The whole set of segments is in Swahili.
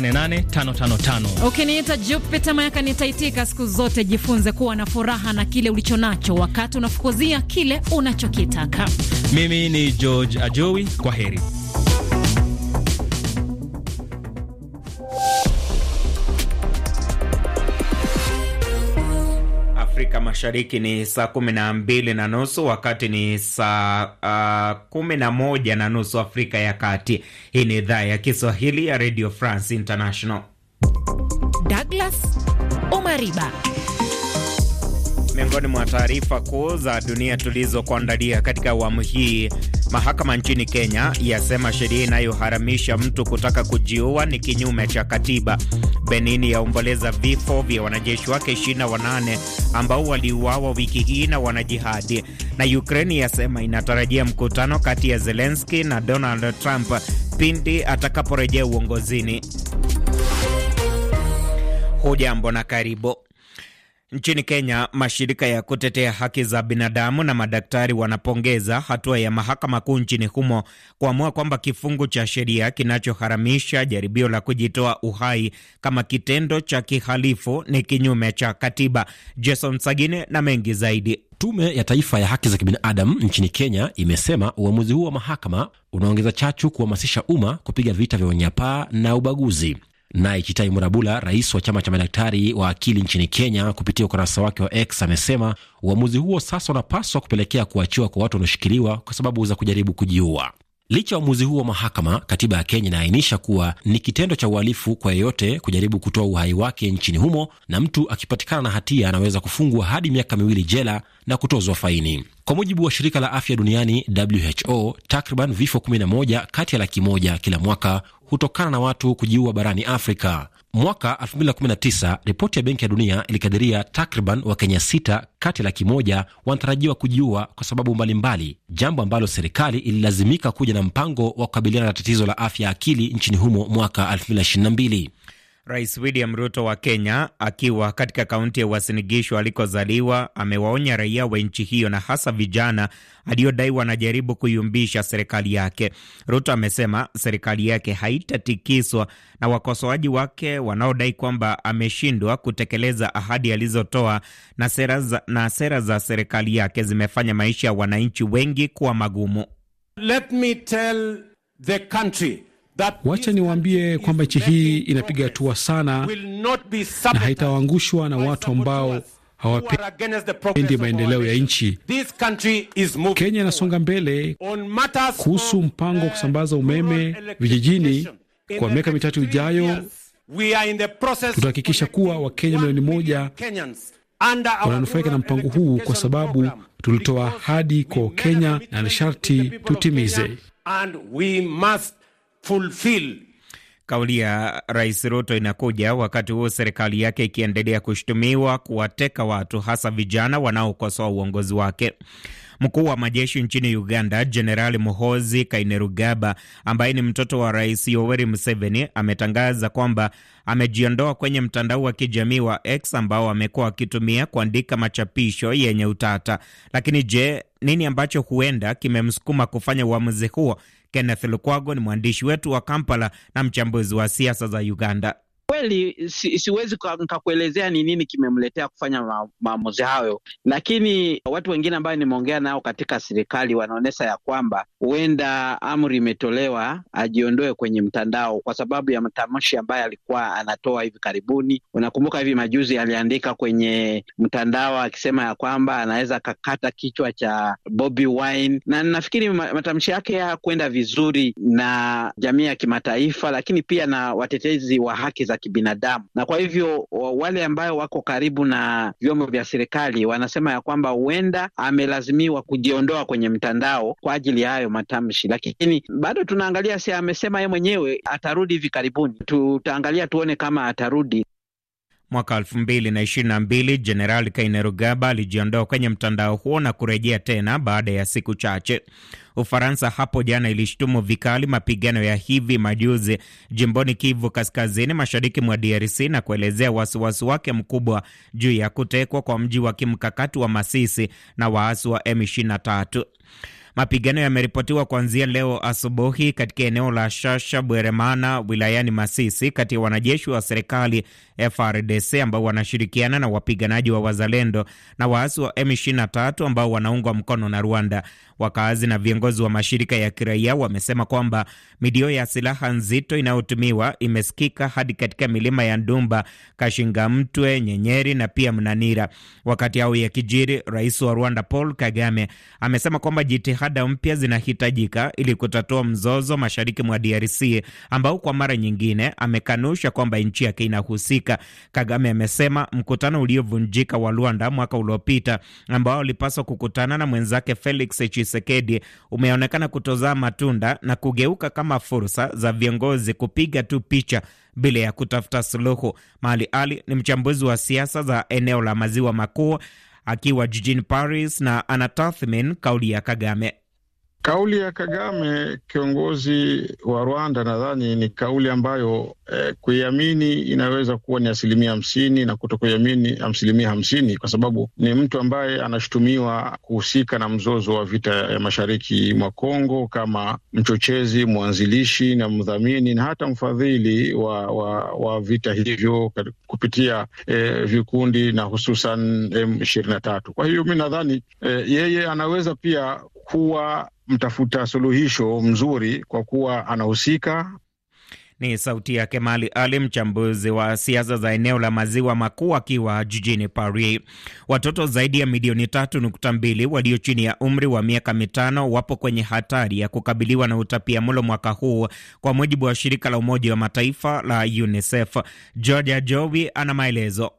88555. Ukiniita Jupiter Mayaka nitaitika siku zote. Jifunze kuwa na furaha na kile ulichonacho wakati unafukuzia kile unachokitaka. Mimi ni George Ajowi, kwa heri. Mashariki ni saa kumi na mbili na nusu wakati ni saa uh, kumi na moja na nusu Afrika ya Kati. Hii ni idhaa ya Kiswahili ya Radio France International. Douglas Omariba Miongoni mwa taarifa kuu za dunia tulizokuandalia katika awamu hii, mahakama nchini Kenya yasema sheria inayoharamisha mtu kutaka kujiua ni kinyume cha katiba. Benini yaomboleza vifo vya wanajeshi wake 28 ambao waliuawa wiki hii na wanajihadi, na Ukraini yasema inatarajia mkutano kati ya Zelenski na Donald Trump pindi atakaporejea uongozini. Hujambo na karibu. Nchini Kenya, mashirika ya kutetea haki za binadamu na madaktari wanapongeza hatua ya mahakama kuu nchini humo kuamua kwamba kifungu cha sheria kinachoharamisha jaribio la kujitoa uhai kama kitendo cha kihalifu ni kinyume cha katiba. Jason Sagine na mengi zaidi. Tume ya Taifa ya Haki za Kibinadamu nchini Kenya imesema uamuzi huu wa mahakama unaongeza chachu kuhamasisha umma kupiga vita vya unyapaa na ubaguzi. Naye Kitai Murabula, rais wa chama cha madaktari wa akili nchini Kenya, kupitia ukurasa wake wa X amesema uamuzi huo sasa unapaswa kupelekea kuachiwa kwa watu wanaoshikiliwa kwa sababu za kujaribu kujiua. Licha ya uamuzi huo wa mahakama, katiba ya Kenya inaainisha kuwa ni kitendo cha uhalifu kwa yeyote kujaribu kutoa uhai wake nchini humo, na mtu akipatikana na hatia anaweza kufungwa hadi miaka miwili jela na kutozwa faini. Kwa mujibu wa shirika la afya duniani WHO, takriban vifo 11 kati ya laki moja kila mwaka hutokana na watu kujiua barani Afrika. Mwaka 2019 ripoti ya Benki ya Dunia ilikadiria takriban Wakenya sita kati ya laki moja wanatarajiwa kujiua kwa sababu mbalimbali, jambo ambalo serikali ililazimika kuja na mpango wa kukabiliana na tatizo la afya ya akili nchini humo mwaka 2022. Rais William Ruto wa Kenya akiwa katika kaunti ya Uasin alikozaliwa amewaonya raia wa nchi hiyo na hasa vijana aliyodai wanajaribu kuyumbisha serikali yake. Ruto amesema serikali yake haitatikiswa na wakosoaji wake wanaodai kwamba ameshindwa kutekeleza ahadi alizotoa na sera za, na sera za serikali yake zimefanya maisha ya wananchi wengi kuwa magumu. Let me tell the country. Wacha niwaambie kwamba nchi hii inapiga hatua sana na haitaangushwa na watu ambao hawapendi maendeleo ya nchi. Kenya inasonga mbele kuhusu mpango wa kusambaza umeme vijijini kwa miaka mitatu ijayo. Tutahakikisha kuwa Wakenya milioni moja wananufaika na mpango huu kwa sababu tulitoa ahadi kwa Wakenya na ni sharti tutimize fulfil. Kauli ya Rais Ruto inakuja wakati huo serikali yake ikiendelea kushutumiwa kuwateka watu hasa vijana wanaokosoa uongozi wake. Mkuu wa majeshi nchini Uganda, Jenerali Muhozi Kainerugaba, ambaye ni mtoto wa Rais Yoweri Museveni, ametangaza kwamba amejiondoa kwenye mtandao wa kijamii wa X ambao amekuwa akitumia kuandika machapisho yenye utata. Lakini je, nini ambacho huenda kimemsukuma kufanya uamuzi huo? Kenneth Lukwago ni mwandishi wetu wa Kampala na mchambuzi wa siasa za Uganda kweli si, siwezi nikakuelezea ni nini kimemletea kufanya ma, maamuzi hayo, lakini watu wengine ambayo nimeongea nao katika serikali wanaonyesha ya kwamba huenda amri imetolewa ajiondoe kwenye mtandao kwa sababu ya matamshi ambayo alikuwa anatoa hivi karibuni. Unakumbuka hivi majuzi aliandika kwenye mtandao akisema ya kwamba anaweza kakata kichwa cha Bobi Wine, na nafikiri matamshi yake kwenda vizuri na jamii ya kimataifa, lakini pia na watetezi wa haki za kibinadamu, na kwa hivyo wale ambayo wako karibu na vyombo vya serikali wanasema ya kwamba huenda amelazimiwa kujiondoa kwenye mtandao kwa ajili ya hayo matamshi, lakini bado tunaangalia, si amesema ye mwenyewe atarudi hivi karibuni. Tutaangalia tuone kama atarudi. Mwaka 2022 Jenerali Kainerugaba alijiondoa kwenye mtandao huo na kurejea tena baada ya siku chache. Ufaransa hapo jana ilishtumu vikali mapigano ya hivi majuzi jimboni Kivu Kaskazini, mashariki mwa DRC na kuelezea wasiwasi wake mkubwa juu ya kutekwa kwa mji wa kimkakati wa Masisi na waasi wa M23. Mapigano yameripotiwa kuanzia leo asubuhi katika eneo la Shasha Bweremana wilayani Masisi, kati ya wanajeshi wa serikali FRDC ambao wanashirikiana na wapiganaji wa wazalendo na waasi wa M23 ambao wanaungwa mkono na Rwanda. wakaazi na viongozi wa mashirika ya kiraia wamesema kwamba milio ya silaha nzito inayotumiwa imesikika hadi katika milima ya Ndumba, kashinga mtwe Nyenyeri na pia Mnanira. Wakati hao yakijiri, rais wa Rwanda Paul Kagame amesema kwamba jitihada mpya zinahitajika ili kutatua mzozo mashariki mwa DRC ambao kwa mara nyingine amekanusha kwamba nchi yake inahusika. Afrika. Kagame amesema mkutano uliovunjika wa Luanda mwaka uliopita ambao alipaswa kukutana na mwenzake Felix Tshisekedi umeonekana kutozaa matunda na kugeuka kama fursa za viongozi kupiga tu picha bila ya kutafuta suluhu. Mali Ali ni mchambuzi wa siasa za eneo la maziwa makuu akiwa jijini Paris na anatathmin kauli ya Kagame. Kauli ya Kagame, kiongozi wa Rwanda, nadhani ni kauli ambayo eh, kuiamini inaweza kuwa ni asilimia hamsini na kuto kuiamini asilimia hamsini, kwa sababu ni mtu ambaye anashutumiwa kuhusika na mzozo wa vita ya mashariki mwa Kongo kama mchochezi, mwanzilishi na mdhamini na hata mfadhili wa, wa, wa vita hivyo kupitia eh, vikundi na hususan M ishirini na tatu. Kwa hiyo mi nadhani eh, yeye anaweza pia kuwa mtafuta suluhisho mzuri kwa kuwa anahusika. Ni sauti ya Kemali Ali, mchambuzi wa siasa za eneo la maziwa makuu, akiwa jijini Paris. Watoto zaidi ya milioni tatu nukta mbili walio chini ya umri wa miaka mitano wapo kwenye hatari ya kukabiliwa na utapia mlo mwaka huu, kwa mujibu wa shirika la Umoja wa Mataifa la UNICEF. Georgia Jovi ana maelezo.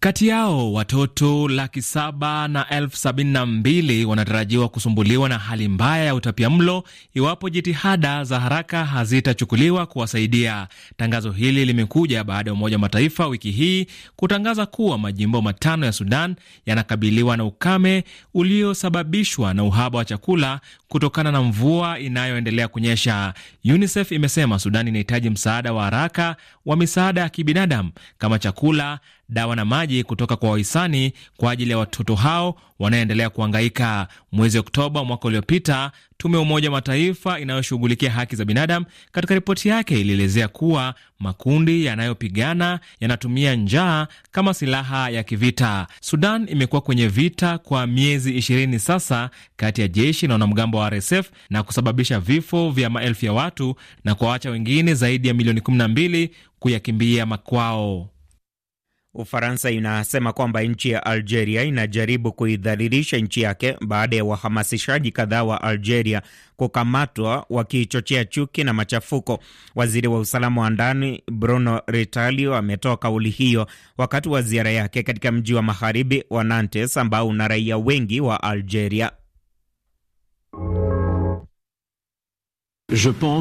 Kati yao watoto laki saba na elfu sabini na mbili wanatarajiwa kusumbuliwa na hali mbaya ya utapia mlo iwapo jitihada za haraka hazitachukuliwa kuwasaidia. Tangazo hili limekuja baada ya Umoja wa Mataifa wiki hii kutangaza kuwa majimbo matano ya Sudan yanakabiliwa na ukame uliosababishwa na uhaba wa chakula kutokana na mvua inayoendelea kunyesha. UNICEF imesema Sudan inahitaji msaada wa haraka wa misaada ya kibinadamu kama chakula dawa na maji kutoka kwa wahisani kwa ajili ya watoto hao wanaoendelea kuangaika Mwezi Oktoba mwaka uliopita, tume ya Umoja Mataifa inayoshughulikia haki za binadamu katika ripoti yake ilielezea kuwa makundi yanayopigana yanatumia njaa kama silaha ya kivita. Sudan imekuwa kwenye vita kwa miezi ishirini sasa kati ya jeshi na wanamgambo wa RSF na kusababisha vifo vya maelfu ya watu na kuwaacha wengine zaidi ya milioni 12 kuyakimbia makwao. Ufaransa inasema kwamba nchi ya Algeria inajaribu kuidhalilisha nchi yake baada ya wahamasishaji kadhaa wa Algeria kukamatwa wakichochea chuki na machafuko. Waziri wa usalama wa ndani Bruno Retailleau ametoa kauli hiyo wakati wa ziara yake katika mji wa magharibi wa Nantes ambao una raia wengi wa Algeria.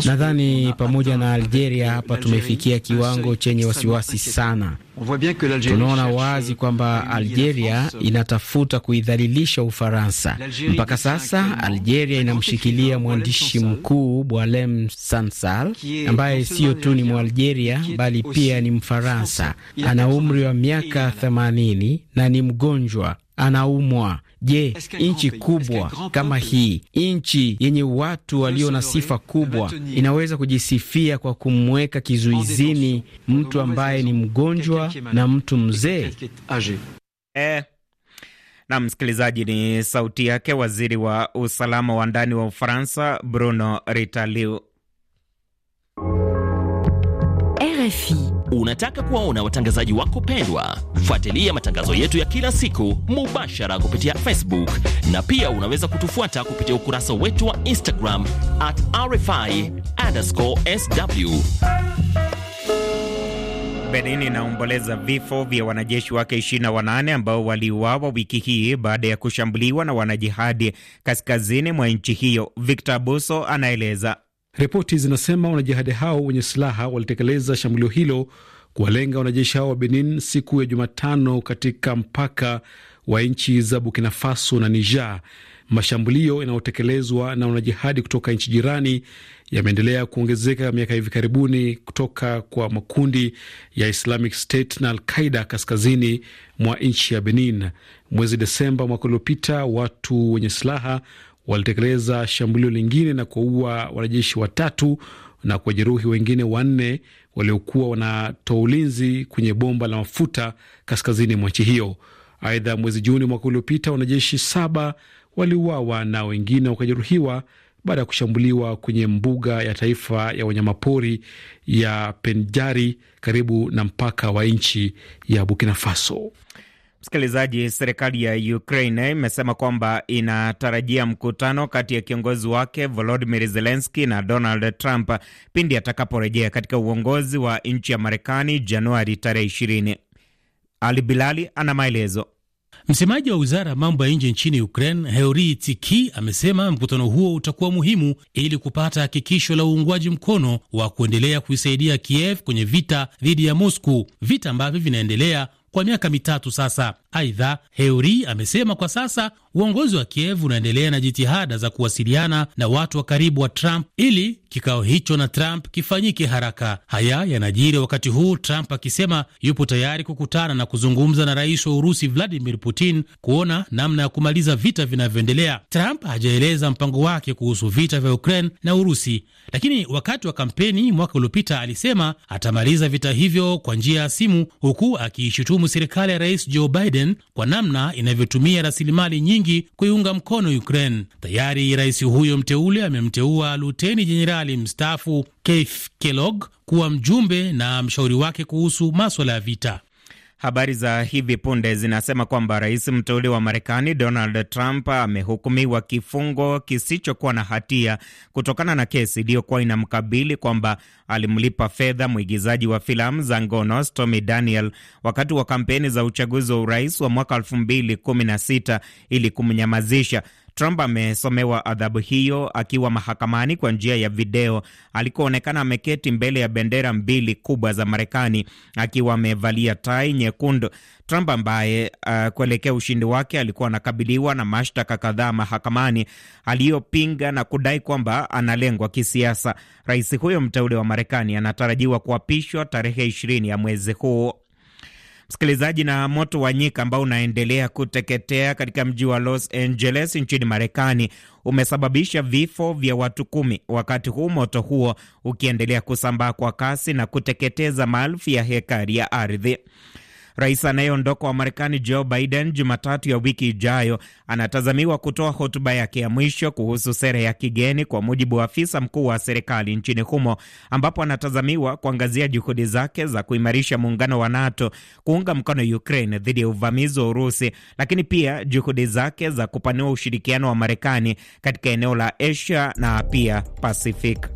Nadhani pamoja na Algeria hapa tumefikia kiwango chenye wasiwasi sana. Tunaona wazi kwamba Algeria inatafuta kuidhalilisha Ufaransa. Mpaka sasa Algeria inamshikilia mwandishi mkuu Boualem Sansal ambaye siyo tu ni Mwalgeria bali pia ni Mfaransa. Ana umri wa miaka 80 na ni mgonjwa, anaumwa Je, nchi kubwa kama hii, nchi yenye watu walio na sifa kubwa, inaweza kujisifia kwa kumweka kizuizini mtu ambaye ni mgonjwa na mtu mzee? Eh. Na msikilizaji, ni sauti yake waziri wa usalama wa ndani wa Ufaransa, Bruno ritaliu RFI. Unataka kuwaona watangazaji wako pendwa? Fuatilia matangazo yetu ya kila siku mubashara kupitia Facebook na pia unaweza kutufuata kupitia ukurasa wetu wa Instagram at RFI underscore sw. Benin inaomboleza vifo vya wanajeshi wake 28 ambao waliuawa wiki hii baada ya kushambuliwa na wanajihadi kaskazini mwa nchi hiyo. Victor Buso anaeleza. Ripoti zinasema wanajihadi hao wenye silaha walitekeleza shambulio hilo kuwalenga wanajeshi hao wa Benin siku ya Jumatano katika mpaka wa nchi za Burkina Faso na Niger. Mashambulio yanayotekelezwa na wanajihadi kutoka nchi jirani yameendelea kuongezeka miaka hivi karibuni kutoka kwa makundi ya Islamic State na Alqaida kaskazini mwa nchi ya Benin. Mwezi Desemba mwaka uliopita, watu wenye silaha walitekeleza shambulio lingine na kuwaua wanajeshi watatu na kuwajeruhi wengine wanne waliokuwa wanatoa ulinzi kwenye bomba la mafuta kaskazini mwa nchi hiyo. Aidha, mwezi Juni mwaka uliopita wanajeshi saba waliuawa na wengine wakajeruhiwa baada ya kushambuliwa kwenye mbuga ya taifa ya wanyamapori ya Penjari karibu na mpaka wa nchi ya Burkina Faso. Msikilizaji, serikali ya Ukraine imesema kwamba inatarajia mkutano kati ya kiongozi wake Volodimir Zelenski na Donald Trump pindi atakaporejea katika uongozi wa nchi ya Marekani Januari tarehe ishirini Ali Bilali ana maelezo. Msemaji wa wizara ya mambo ya nje nchini Ukraine, Heori Tiki, amesema mkutano huo utakuwa muhimu ili kupata hakikisho la uungwaji mkono wa kuendelea kuisaidia Kiev kwenye vita dhidi ya Moscow, vita ambavyo vinaendelea kwa miaka mitatu sasa. Aidha, Heuri amesema kwa sasa Uongozi wa Kiev unaendelea na jitihada za kuwasiliana na watu wa karibu wa Trump ili kikao hicho na Trump kifanyike haraka. Haya yanajiri wakati huu Trump akisema yupo tayari kukutana na kuzungumza na rais wa Urusi Vladimir Putin kuona namna ya kumaliza vita vinavyoendelea. Trump hajaeleza mpango wake kuhusu vita vya Ukraine na Urusi, lakini wakati wa kampeni mwaka uliopita alisema atamaliza vita hivyo kwa njia ya simu, huku akiishutumu serikali ya rais Joe Biden kwa namna inavyotumia rasilimali nyingi nyingi kuiunga mkono Ukraine. Tayari rais huyo mteule amemteua luteni jenerali mstaafu Keith Kellogg kuwa mjumbe na mshauri wake kuhusu maswala ya vita. Habari za hivi punde zinasema kwamba rais mteule wa Marekani Donald Trump amehukumiwa kifungo kisichokuwa na hatia kutokana na kesi iliyokuwa inamkabili kwamba alimlipa fedha mwigizaji wa filamu za ngono Stormy Daniel wakati wa kampeni za uchaguzi wa urais wa mwaka 2016 ili kumnyamazisha. Trump amesomewa adhabu hiyo akiwa mahakamani kwa njia ya video alikoonekana ameketi mbele ya bendera mbili kubwa za Marekani akiwa amevalia tai nyekundu. Trump ambaye uh, kuelekea ushindi wake alikuwa anakabiliwa na mashtaka kadhaa mahakamani aliyopinga na kudai kwamba analengwa kisiasa. Rais huyo mteule wa Marekani anatarajiwa kuapishwa tarehe ishirini ya mwezi huu. Msikilizaji, na moto wa nyika ambao unaendelea kuteketea katika mji wa Los Angeles nchini Marekani umesababisha vifo vya watu kumi, wakati huu moto huo ukiendelea kusambaa kwa kasi na kuteketeza maelfu ya hekari ya ardhi. Rais anayeondoka wa Marekani Joe Biden Jumatatu ya wiki ijayo anatazamiwa kutoa hotuba yake ya mwisho kuhusu sera ya kigeni, kwa mujibu wa afisa mkuu wa serikali nchini humo, ambapo anatazamiwa kuangazia juhudi zake za kuimarisha muungano wa NATO, kuunga mkono Ukraine dhidi ya uvamizi wa Urusi, lakini pia juhudi zake za kupanua ushirikiano wa Marekani katika eneo la Asia na pia Pacific.